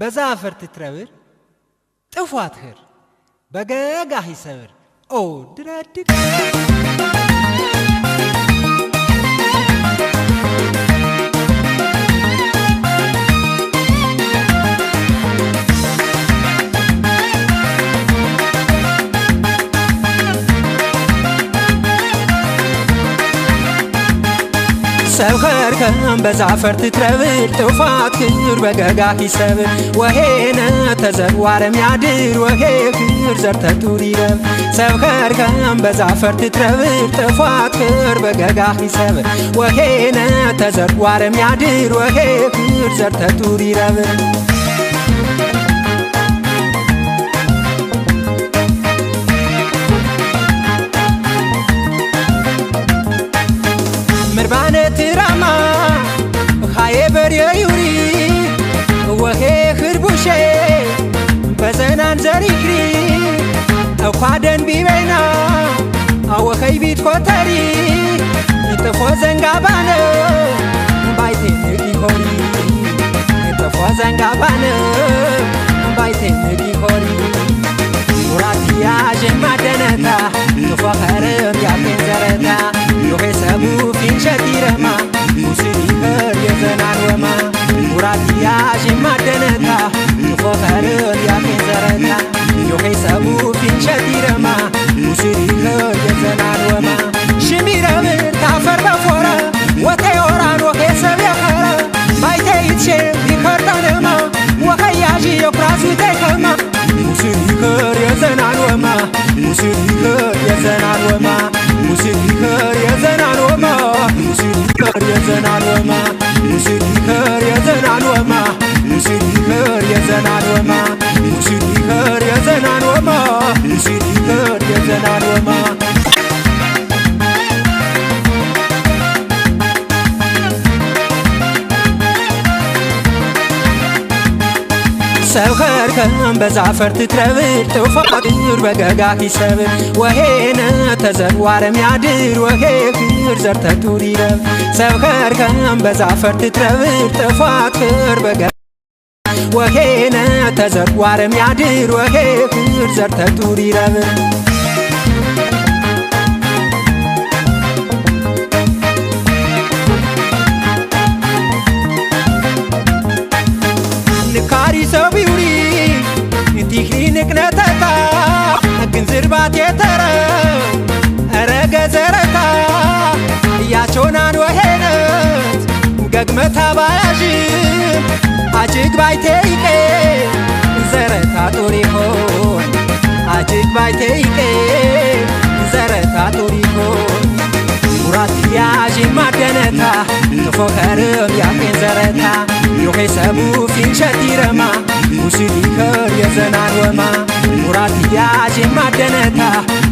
በዛ አፈር ትትረብር ጥፏት ኸር በገጋ ሂሰብር ኦ ድረድድ ሰብኸርከም በዛፈር ትትረብር ትውፋት ክር በገጋ ሂሰብር ወሄነ ተዘዋረም ያድር ወሄ ክር ዘርተቱር ይረብ ሰብኸርከም በዛፈር ትትረብር ትውፋት ክር በገጋ ሂሰብር ወሄነ ተዘዋረም ያድር ወሄ ክር ዘርተቱር ይረብር ራማ ኻዬ በርየ ዩሪ ወኼ ኽርቡሼ በዘናን ዘሪክሪ እኳ ደንቢ በይና አወኸይ ቢት ኰተሪ ይጥፎ ዘንጋባነ ባይቴ ሆሪ ይጥፎ ዘንጋባነ ባይቴ ሆሪ ሱራት ማደነታ ንፎኸርም ያፌን ዘረታ ዮኼ ሰቡ ፊንሸቲ ሙሲር የዘናን ወማ ሙሲር የዘናን ወማ ሙሲር የዘናን ወማ ሙሲር የዘናን ወማ ሙሲር የዘናን ወማ ሰብ ኸርከም በዛፈር ትትረብር ጥውፋ በገጋ ሂሰብር ወሄነ ተዘዋረም ያድር ወሄ ክር ዘርተቱር ይረብ ሰብ ኸርከም በዛፈር ትትረብር ጥውፋ ቅር በገ ወሄነ ተዘዋረም ያድር ወሄ ክር ዘርተቱር ይረብር ደግመ ባያዥ አጅግ ባይቴይቄ ዘረታ ጡሪ አጅግ ባይቴይቄ ዘረታ ጡሪ ሆን ሙራት ያዥ ማደነታ ንፎከርም ያቄን ዘረታ ዮኼ ሰቡ ፊንሸት ይረማ ሙሲሊከር የዘናርወማ ሙራት ያዥ ማደነታ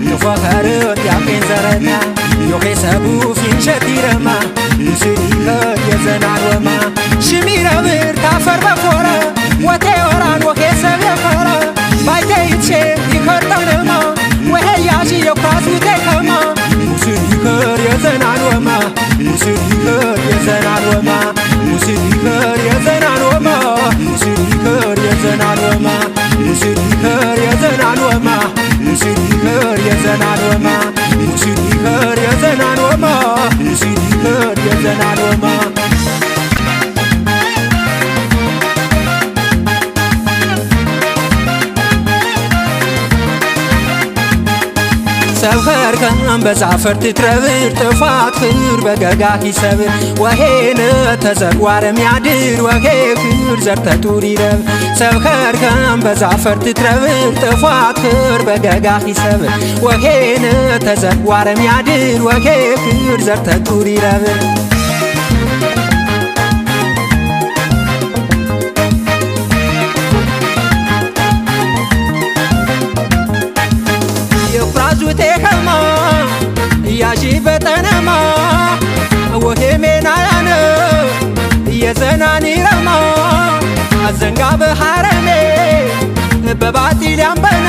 ንፎከርም ያቄን ዘረታ ዮኼ ሰቡ ፊንሸት ይረማ ሙሲሊ ናወማ ሽሚነብር ታፈር በኮረ ወቴ ወራን ወኬ ሰብ የፈረ ባይቴ ይትሼ ይኸር ወሄያሽ የኳስ ውጤከማ ሙስን ይኸር የዘናን ሙስን ይኸር የዘናን ሙስን ይኸር የዘናን ሙስን ይኸር የዘናን ሙስን ይኸር የዘናን ሙስን ይኸር የዘናን ሙስን ይኸር የዘናን ሙስን ይኸር የዘናን ሰፈርከ አንበሳ ፍርት ትረብር ጥፋት ክር በገጋ ሂሰብር ወሄነ ተዘጓረም ያድር ወሄ ክር ዘርተ ቱር ይረብ ሰብከርከ አንበሳ ፍርት ትረብር ጥፋት ክር በገጋ ሂሰብር ወሄነ ተዘጓረም ያድር ወሄ ክር ዘርተ ቱር አዘንጋ በሐረሜ በባቲ ዳምበና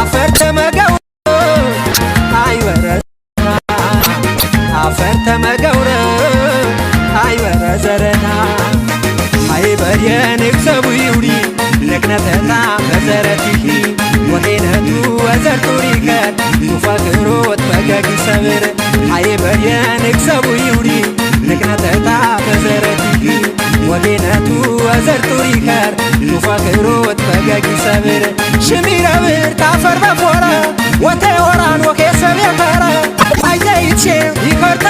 አፈር ተመገው አይወረዘ አፈር ተመገውረ አይወረዘረና አይበር የንግሰቡ ይውሪ ልክነተና በዘረቲሂ ወሒነቱ ወዘርቱሪከ ቱፈክሮት በገጊ ሰብር አይበር የንግሰቡ ይውሪ ልክነተታ በዘረቲሂ ወሒነቱ ወዘርቱ ይኸር ኑፋ ክብሮት ፈገግ ይሰብር ሽሚረ ታፈር በፎረ ወተ ወራን ወኬሰብ የኸረ አየይቼ ይኸርተ